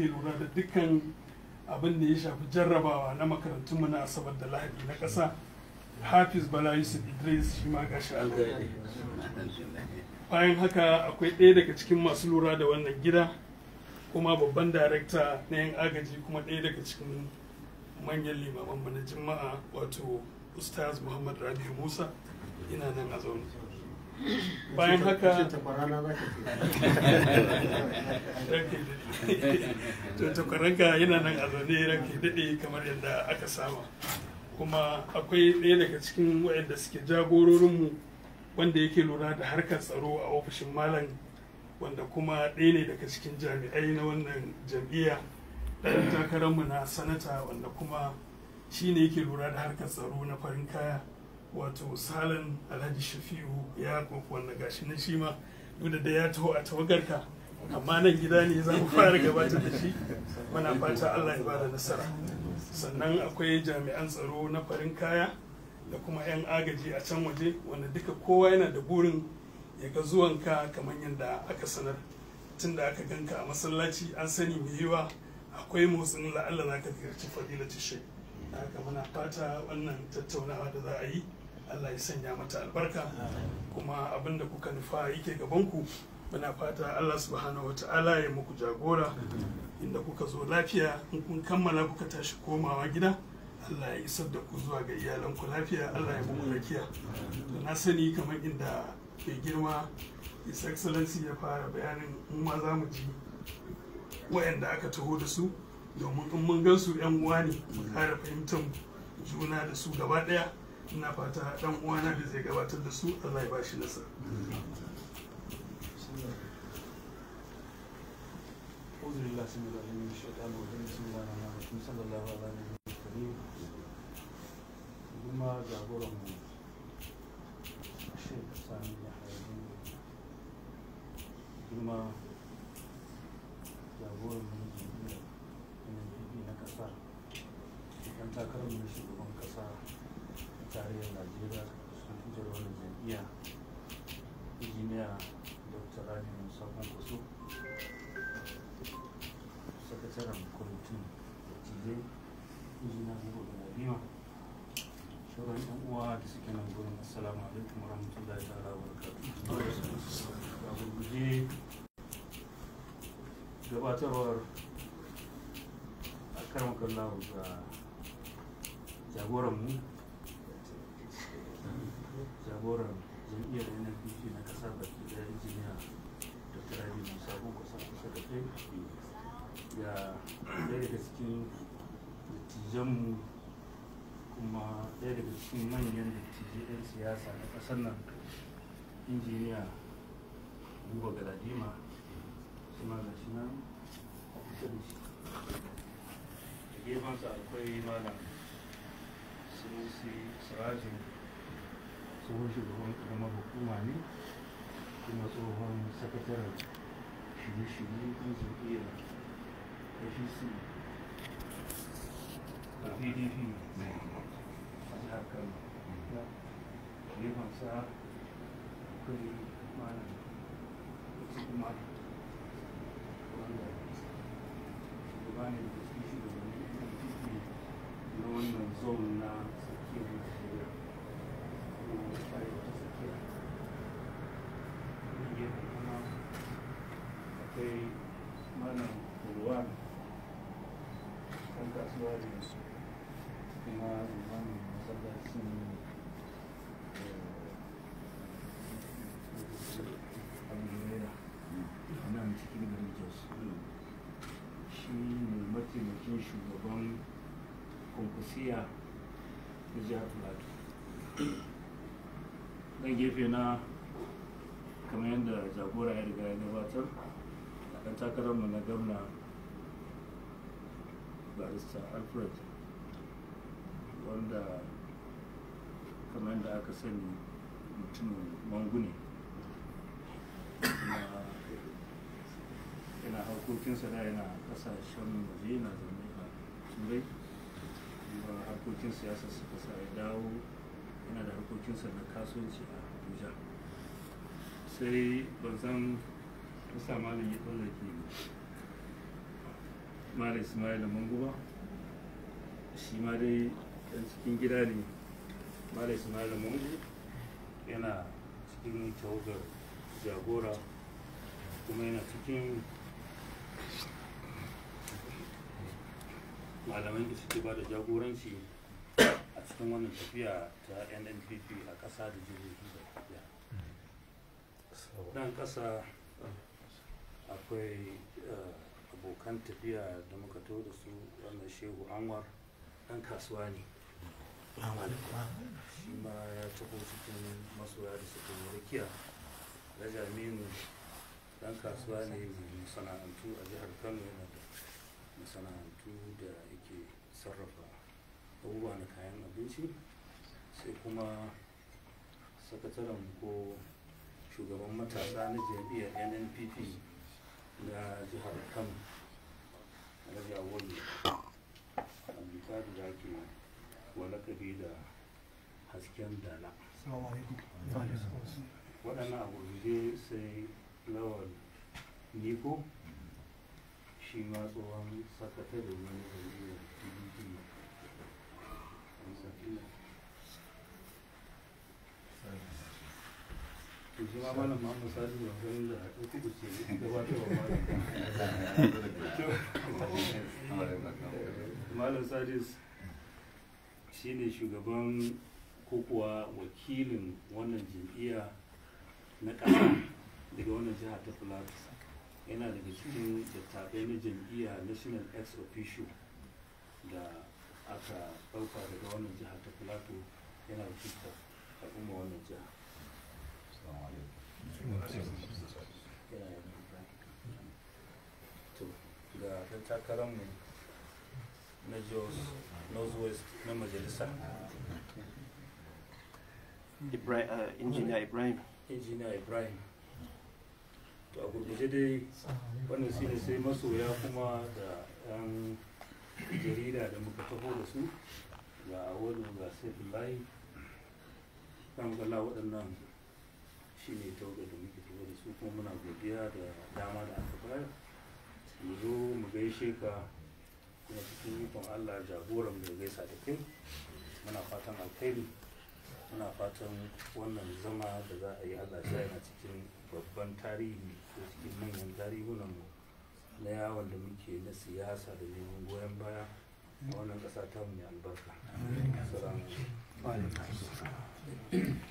ke lura da dukkan abin da ya shafi jarrabawa na makarantun mu na asabar da lahadi na ƙasa hafiz bala yusuf idris shi ma ga shi bayan haka akwai ɗaya daga cikin masu lura da wannan gida kuma babban darekta na yan agaji kuma ɗaya daga cikin manyan limaman na jima'a wato ustaz muhammad Rabi musa ina nan a zaune bayan haka to takwaranka yana nan a zaune ranke daɗe kamar yadda aka sama, kuma akwai ɗaya daga cikin waɗanda suke jagororinmu wanda yake lura da harkar tsaro a ofishin malam wanda kuma ɗaya ne daga cikin jami'ai na wannan jam'iyya ɗan takararmu na sanata wanda kuma shi ne yake lura da harkar tsaro na farin kaya wato Salin alhaji shafi'u ya kofi wannan gashi nan shi ma duk da ya taho a tawagarka amma nan gida ne za mu fara gabatar da shi muna fata allah ya bada nasara sannan akwai jami'an tsaro na farin kaya da kuma 'yan agaji a can waje wanda duka kowa yana da burin ya ga zuwanka kamar yadda aka sanar tun da aka ganka a masallaci an sani mai yiwa akwai motsin la'alla za ka ziyarci fadilatul shai haka muna fata wannan tattaunawa da za a yi Allah ya sanya mata albarka kuma abin da kuka nufa yake gabanku muna fata Allah subhanahu wata'ala ya muku jagora inda kuka zo lafiya in kun kammala kuka tashi komawa gida Allah ya isar da ku zuwa ga iyalan ku lafiya Allah ya muku rakiya na sani kamar inda ke girma his excellency ya fara bayanin in ma za mu ji wayanda aka taho da su domin in mun gan su yan uwa ne mu kara fahimtar juna da su gaba daya ina fata dan uwana da zai gabatar da su Allah ya ba shi nasara أعوذ بالله من الشيطان الرجيم بسم الله الرحمن الرحيم صلى الله على نبينا الكريم الشيخ سامي يحيى من من كسر كان من كسر tarayyar najeriya sun fitar wani jam'iyya injiniya dr rabi musafin kuso sakataren kwamitin da tijai injiniya zuwa da nabima shauran yan uwa da suke nan gurin assalamu alaikum warahmatullahi ta'ala wa barakatuh ga gurguje gabatarwar a karan kallawa ga jagoranmu jagoran jam'iyyar nnpp na kasa baki daya injiniya da dr rabi sabon kusa kusa da kai ya ɗaya daga cikin dattijanmu kuma ɗaya daga cikin manyan dattijan siyasa na ƙasar nan injiniya buba galadima shi ma gashi nan a kusa da shi da gefensa akwai malam sunusi sirajin tsohon shugaban karamar hukuma ne kuma tsohon sakataren shirye-shirye na jam'iyyar apc da pdp a jihar da gefensa akwai malam kuma wanda shugaba ne da su na wannan na akwai malam ruwan kan kasuwa ne kuma ruwan masallacin amurera a nan cikin garin shi ne shugaban kwankwasiya na jihar plateau dan gefe na kamar yadda jagora ya riga ya gabatar a ɗan takararmu na gamna barista alfred wanda kamar yadda aka sani mutumin mangu ne yana harkokinsa da yana kasashen waje yana zaune a turai harkokin siyasa suka sa ya dawo yana da harkokinsa na kasuwanci a abuja sai ban san sa malam ya ɗaura ke malam ismail manguba shi ma dai ɗan cikin gida ne malam ismail mangu yana cikin tawagar jagora kuma yana cikin malaman da suke ba da jagoranci cikin wannan tafiya ta nnpp a ƙasa da jihohi da tafiya Dan ƙasa akwai eh, abokan tafiya da muka to da su wannan shehu anwar Dan kasuwa ne shi ma ya taho cikin masoya da suka yi rakiya da kasuwa ne masana'antu a jihar kano yana da masana'antu da yake sarrafa abubuwa na kayan abinci sai kuma sakataren ko shugaban matasa na jami'ar nnpp na jihar kano alhaji awolu abdulkadir da ke walakabi da hasken dala waɗannan abubuwa sai lawal niko shi ma tsohon sakatare na jami'ar pdp kuma malam Muhammad Sadi ya san gabatarwa malam malam Sadis shine shugaban ko wakilin wannan jam'iyya na ƙasa daga wannan jiha ta Plateau yana daga cikin dattabai na jam'iyya national ex officio da aka ɗauka daga wannan jiha ta Plateau yana wakilta al'umma wannan jiha ga ɗan takararmu na jos northwest na majalisa injiniya ibrahim injiniya ibrahim to a gurguje dai wannan shi ne sai masoya kuma da 'yan jarida da muka taho da su ga awolu ga sai layi ɗan gala waɗannan ne tawagar da muke tafiya da su kuma muna godiya da dama da aka bayar mu zo mu gaishe ka kuma cikin ikon allah jagoran mai gaisa da kai muna fatan alkhairi muna fatan wannan zama da za a yi allah sa yana cikin babban tarihi ko cikin manyan tarihunan mu na yawon da muke na siyasa da neman goyon baya a wannan ƙasa ta mu albarka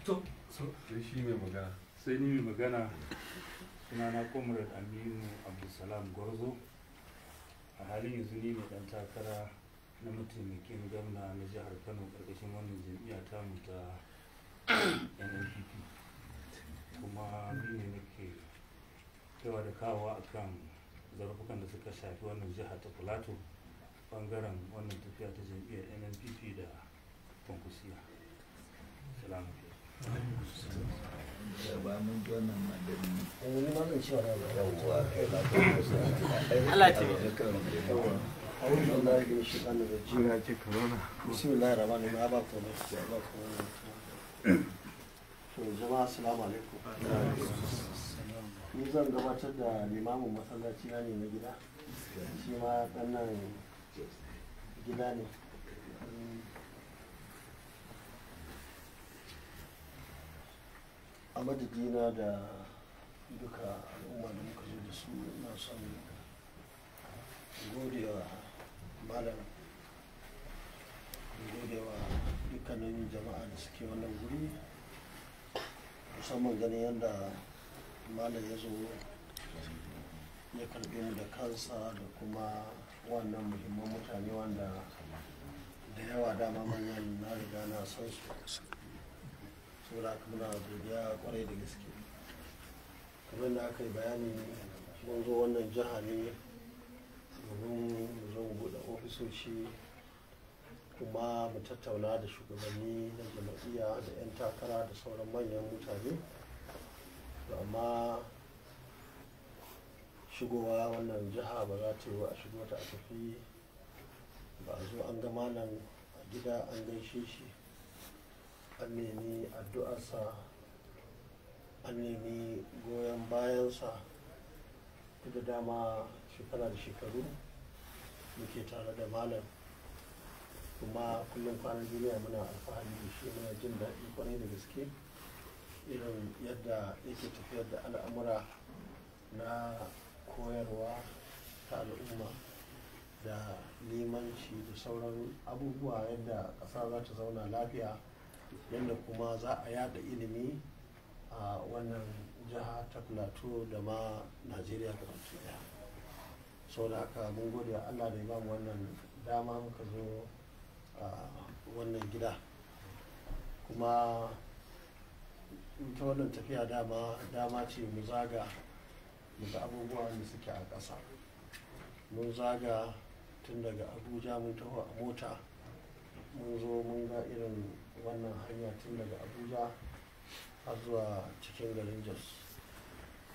to so shi mai magana sai ni magana suna na comrade aminu abdulsalam gwarzo a halin yanzu ni ne dan takara na mataimakin gwamna na jihar kano karkashin wannan jam'iyya ta mu ta nnpp kuma ni ne nake kaiwa da kawa akan zarafukan da suka shafi wannan jihar ta plateau bangaren wannan tafiya ta jam'iyyar nnpp da kwankwasiya salamu ba mun ji wannan madadi ni ma zan ci kai ba Allah أعوذ بالله من الشيطان الرجيم بسم الله الرحمن الرحيم أبا أبا جماعة السلام عليكم gabatar da limamin masallaci na ne ne a madadina da duka al'umma da muka zo da su na son godewa malam godewa dukkanin jama'a da suke wannan guri musamman ganin yadda malam ya zo ya karbi mu da kansa da kuma wannan muhimman mutane wanda da yawa dama manyan na riga na san su saboda muna godiya kwarai da gaske kamar da aka yi bayani mun zo wannan jiha ne domin mu zo mu buɗe ofisoshi kuma mu tattauna da shugabanni na jama'iyya da 'yan takara da sauran manyan mutane amma shigowa wannan jiha ba za ta yi wa a shigo ta a tafi ba a zo an gama nan a gida an gaishe shi an nemi addu'arsa an nemi goyon bayansa da dama shekara da shekaru muke tare da malam kuma kullum kwanan duniya muna alfahari da shi muna jin daɗi kwarai da gaske irin yadda yake tafiyar da al'amura na koyarwa ta al'umma da limanci da sauran abubuwa yadda ƙasa za ta zauna lafiya yadda kuma za a yada ilimi a wannan jiha ta plateau da ma najeriya ga baki daya sau da aka mun gode allah da ya wannan dama muka zo a wannan gida kuma ta wannan tafiya dama dama ce mu zaga daga abubuwa da suke a ƙasa mun zaga tun daga abuja mun taho a mota mun zo mun ga irin wannan hanya tun daga abuja har zuwa cikin garin jos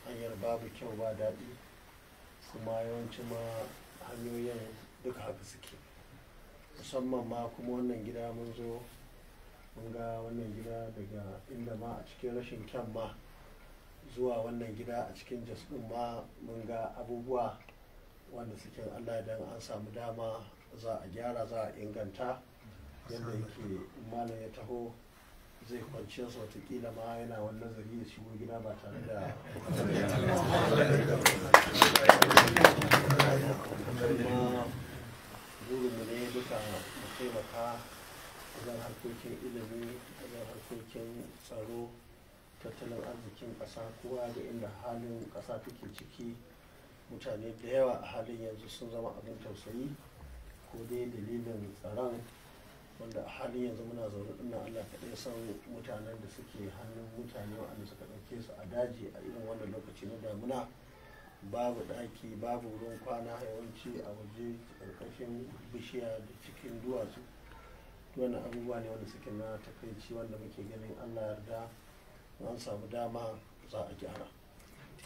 hanyar babu kyau ba daɗi kuma yawanci ma hanyoyin duka haka suke musamman ma kuma wannan gida mun zo mun ga wannan gida daga inda ma a cikin rashin kyan ma zuwa wannan gida a cikin jos ɗin ma mun ga abubuwa wanda suke allah idan an samu dama za a gyara za a inganta yadda yake mala ya taho zai kwanciya su watakila ma yana wani nazari ya shigo gida ba tare da burinmu ne duka mu taimaka zan harkokin ilimi zan harkokin tsaro tattalin arzikin ƙasa kowa da inda halin ƙasa take ciki mutane da yawa a halin yanzu sun zama abin tausayi ko dai dalilin tsaron wanda a halin yanzu muna zaune ina Allah kaɗai san mutanen da suke hannun mutane waɗanda suka ɗauke su a daji a irin wannan lokaci na damuna babu ɗaki babu ruwan kwana yawanci a waje ƙarƙashin bishiya da cikin duwatsu wannan abubuwa ne wanda suke na takaici wanda muke ganin Allah yarda an samu dama za a gyara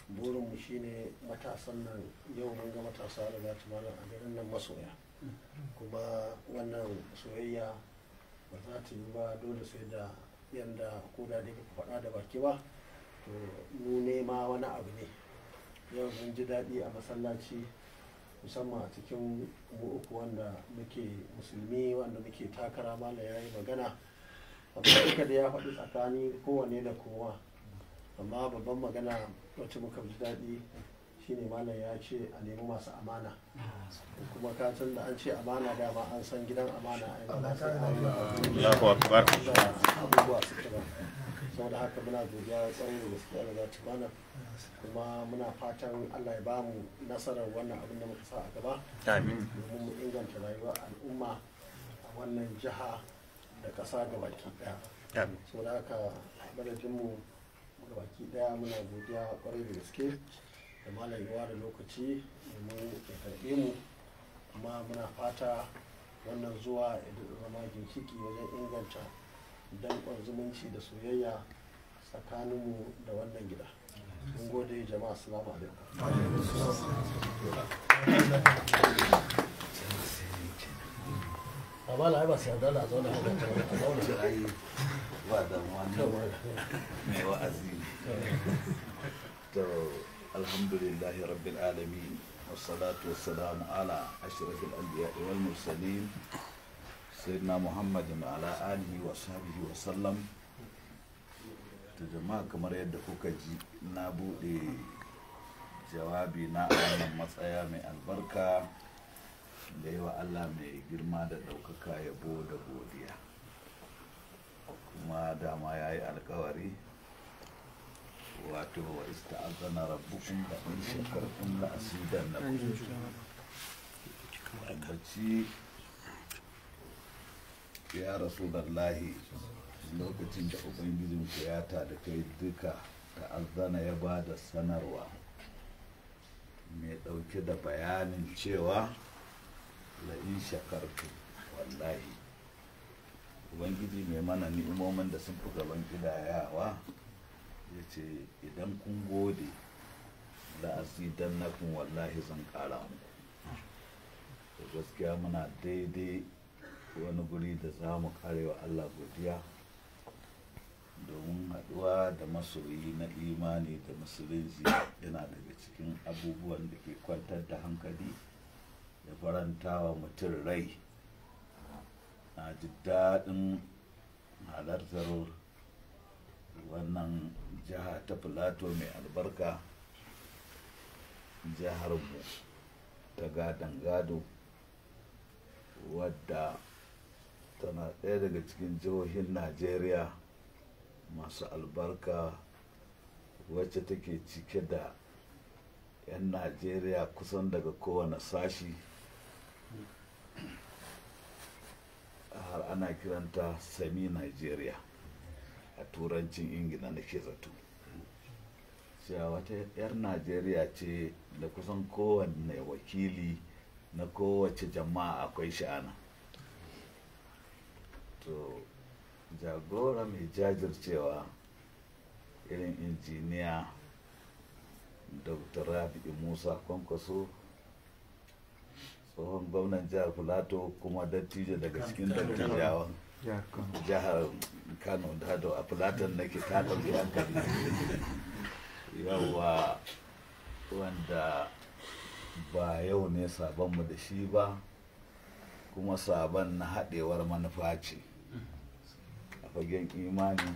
mu shine matasan nan yau mun ga matasa da za ta a garin nan masoya kuma wannan soyayya ba za ta yi ba dole sai da yadda ko da dai faɗa da baki ba to mu nema wani abu ne yau mun ji daɗi a masallaci musamman a cikin mu uku wanda muke musulmi wanda muke takara mala ya yi magana amma duka da ya faɗi tsakani kowane da kowa amma babban magana wacce muka ji daɗi shine malam ya ce a nemi masu amana ah, kuma ka san da an ce amana dama an san gidan amana a yi abubuwa ba saboda haka muna godiya tsarin da za kuma muna fatan allah ya ba mu nasarar wannan abin da muka sa a gaba domin mu inganta rayuwa al'umma a wannan jiha da ƙasa gabaki aka saboda haka madadinmu baki ɗaya muna godiya kwarai da gaske da malam da lokaci mu ya mu amma muna fata wannan zuwa da zama ginshiki wajen inganta danƙon zumunci da soyayya tsakaninmu da wannan gida mun gode jama'a assalamu alaikum zauna a a zauna shi da wani alhamdulillahi rabbil alamin wassalatu wassalamu ala ashrafil anbiya wal mursalin sayyidina muhammadin ala alihi wa sahbihi wa sallam jama'a kamar yadda kuka ji na bude jawabi na wannan matsaya mai albarka da yawa Allah mai girma da ɗaukaka yabo da godiya kuma dama ya yi alkawari wato wa ista'azana rabbukum la in shakartum la azidannakum ambaci ya rasu lokacin da ubangijin ku ya da kai duka ta'azzana ya ba da sanarwa mai ɗauke da bayanin cewa la'in shakartu wallahi ubangiji mai mana ni'imomin da sun fi gaban gidayawa yace idan kun gode la'azidan na kun wallahi zan kara muku da gaskiya muna daidai wani guri da za mu karewa allah godiya domin haɗuwa da masoyi na imani da musulunci yana daga cikin abubuwan da ke kwantar da hankali da farantawa mutum rai na ji daɗin halartar wannan jiha ta filato mai albarka jiharmu ta gadon gado wadda tana ɗaya daga cikin jihohin najeriya masu albarka wacce take cike da 'yan najeriya kusan daga kowane sashi har ana kiranta sami najeriya a turancin ingila nake zato cewa wata 'yar najeriya ce da kusan kowane wakili na kowace jama'a akwai sha'ana to jagora mai jajircewa irin injiniya dr Rabi musa kwankwaso tsohon gwamnan jihar filato kuma dattijo daga cikin dattijawan jihar kano dado a fulatan nake ta ɗauki hankali yawa wanda ba yau ne sabonmu da shi ba kuma sabon na haɗewar manufa ce a fagen imani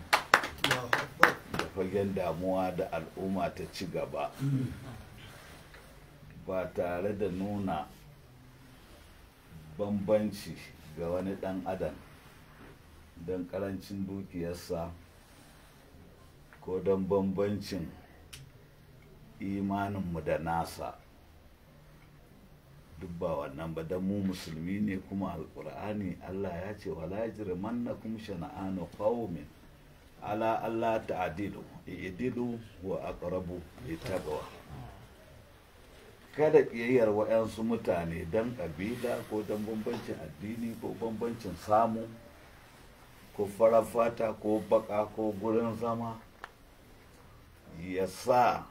da fagen damuwa da al'umma ta ci gaba ba tare da nuna bambanci ga wani ɗan adam don karancin dukiyarsa ko don bambancin imaninmu da nasa duk wannan ba don mu musulmi ne kuma alkur'ani allah ya ce wala jirimannakum shana'anu qaumin ala allah ta'dilu i'dilu wa aqrabu kada ƙiyayyar wa'yansu mutane don ƙabila ko don bambancin addini ko bambancin samu ko fara fata ko baka ko gurin zama ya sa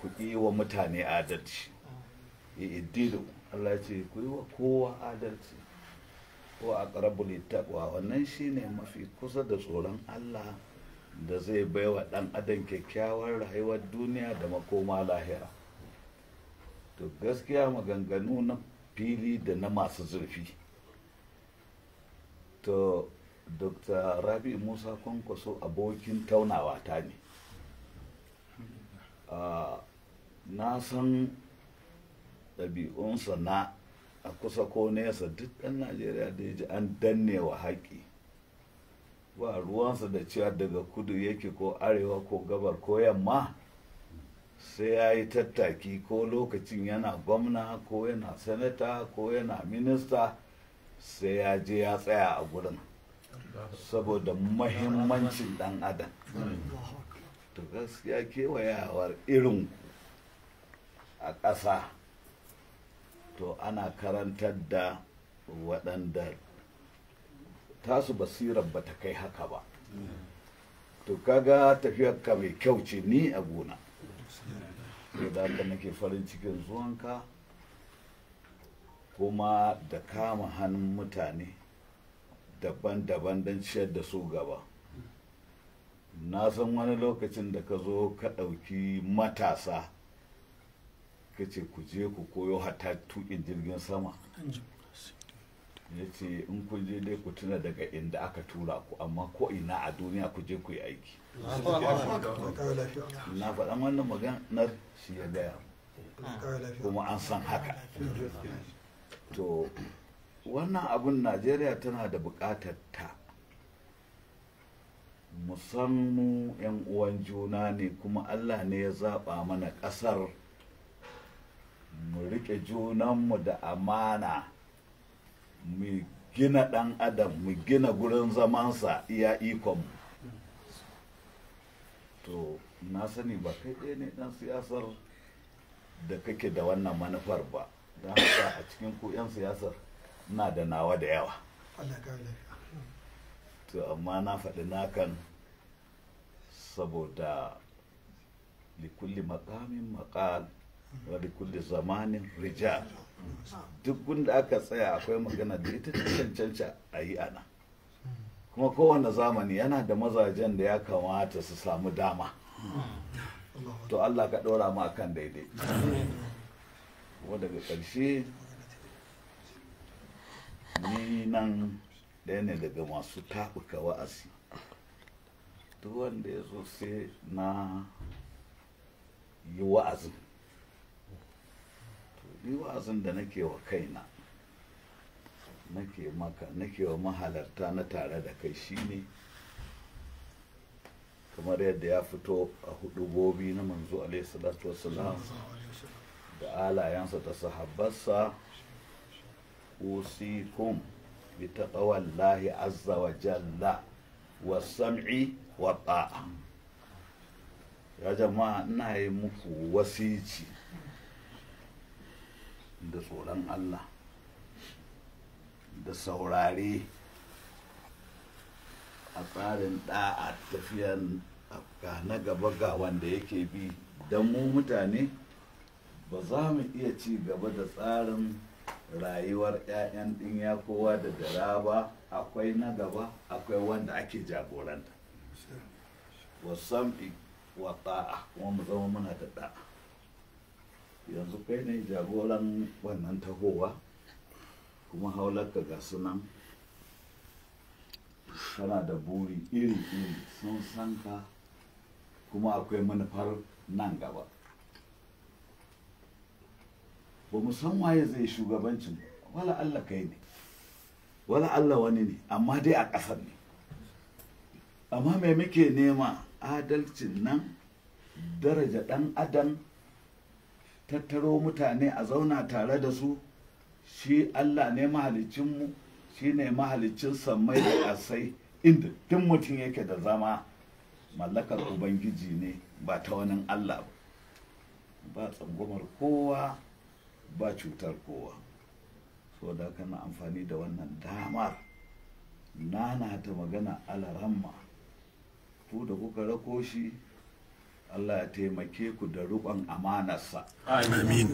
ku yi wa mutane adalci eh, ya iddido Allah ce ku yi wa kowa adalci ko a ƙarabin taɓa wannan shi ne mafi kusa da tsoron Allah da zai baiwa ɗan adam kyakkyawar rayuwar duniya da makoma lahira to gaskiya maganganu na fili da na masu zurfi to dr rabi musa kwankwaso abokin taunawa ta ne ah, na san ɗabi'unsa na a kusa ko nesa duk ɗan najeriya da ya ji an dannewa wa haƙi ba ruwansa da cewa daga kudu yake ko arewa ko gabar ko yamma sai ya yi tattaki ko lokacin yana gwamna ko yana sanata ko yana minista sai ya je ya tsaya a gurin saboda mahimmancin dan adam to gaskiya kewayawar irin a ƙasa to ana karantar da waɗanda tasu basirar ba ta kai haka ba to kaga ka mai kyau ce ni a gona da nake farin cikin zuwanka kuma da kama hannun mutane daban-daban don ciyar da su gaba na san wani lokacin da ka zo ka ɗauki matasa ka ce ku je ku koyo hata tuƙin jirgin sama ya ce in ku je dai ku tuna daga inda aka tura ku amma ko ina a duniya ku je ku yi aiki na faɗa wannan maganar shi ya gaya ah. kuma an san haka to wannan abin najeriya tana da buƙatar ta musamman 'yan uwan juna ne kuma allah ne ya zaɓa mana ƙasar mu riƙe junanmu da amana mu gina ɗan adam mu gina gurin zamansa iya ikonmu to na sani ba kai ɗaya ne ɗan siyasar da kake da wannan manufar ba don haka a cikin ku 'yan siyasar na da nawa da yawa to amma na faɗi nakan saboda likulli makamin makal wa likulli zamanin rijal duk gunda aka tsaya akwai magana da ita cancanta a yi ana kuma kowane zamani yana da mazajen da ya kamata su samu dama mm. to allah ka ɗora ma kan daidai wa daga ƙarshe ni nan ɗaya ne daga masu taɓuka wa'azi duk wanda ya zo sai na yi wa'azin to ni wa'azin da nake wa kaina nake wa mahalarta na tare da kai shine kamar yadda ya fito a hudu gobi na manzo alaihi salatu wasu da alayensa da sahabbarsa usikum bi taqwallahi azza wa jalla wa sam'i wa ta'a ya jama'a ina yi muku wasici da tsoron Allah da saurari. a tsarin da'a tafiyan na gaba ga wanda yake bi don mu mutane ba za mu iya ci gaba da tsarin rayuwar 'ya'yan ɗinya kowa da dara ba akwai na gaba akwai wanda ake jagoranta wasam'i wa ta'a kuma mu zama muna da ɗa'a yanzu kai ne jagoran wannan tahowa kuma haularka ga sunan tana da buri iri-iri sun sanka kuma akwai manufar nan gaba ba mu san waye zai shugabancin wala Allah kai ne wala Allah wani ne amma dai a ƙasar ne amma mai muke nema adalcin nan daraja ɗan adam tattaro mutane a zauna tare da su shi Allah ne mu shi ne mahalicin sammai da ƙasai inda duk mutum yake da zama mallakar ubangiji ne ba ta wani Allah ba ba tsangwamar kowa ba cutar kowa so da na amfani da wannan damar nana ta magana alaramma ku da kuka rako shi Allah ya taimake ku da rubon amanarsa amin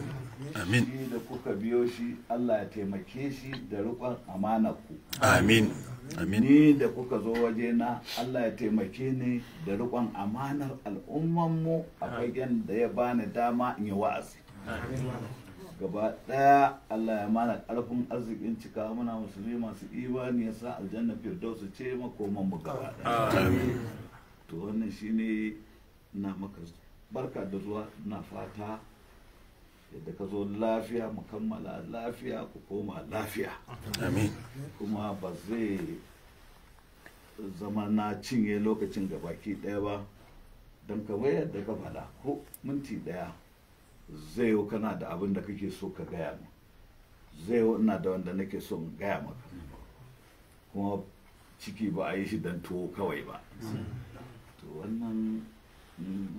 amin shi da kuka biyo shi Allah ya taimake shi da rubon amanarku amin amin ni da kuka zo waje na Allah ya taimake ni da rubon amanar al'ummanmu a fagen da ya bani dama in yi wa'azi amin gaba daya Allah ya mana karfin arzikin cika muna musulmi masu imani ya sa aljanna firdausu ce makoman mu gaba daya to wannan shine na maka barka da zuwa na fata yadda ka zo lafiya mu kammala lafiya ku koma lafiya amin kuma ba zai zama na cinye lokacin gabaki daya ba don ka yadda ka faɗa ko minti daya zai kana da abin da kake so ka gaya mu zai yi ina da wanda nake so in gaya maka kuma ciki ba a yi shi don tuwo kawai ba to wannan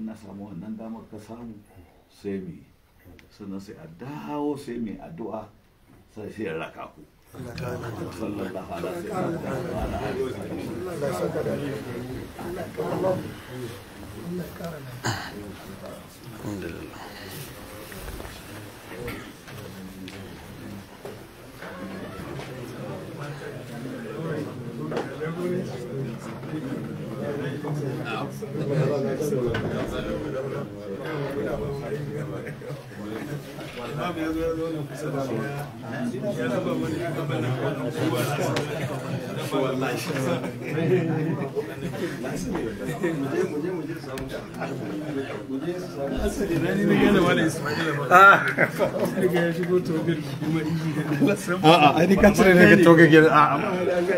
na samu wannan damar ka samu sai mi sannan sai a dawo sai mi addu'a sai sai raka ku الحمد لله Thank you. a'a ai ne ka toga gida a'a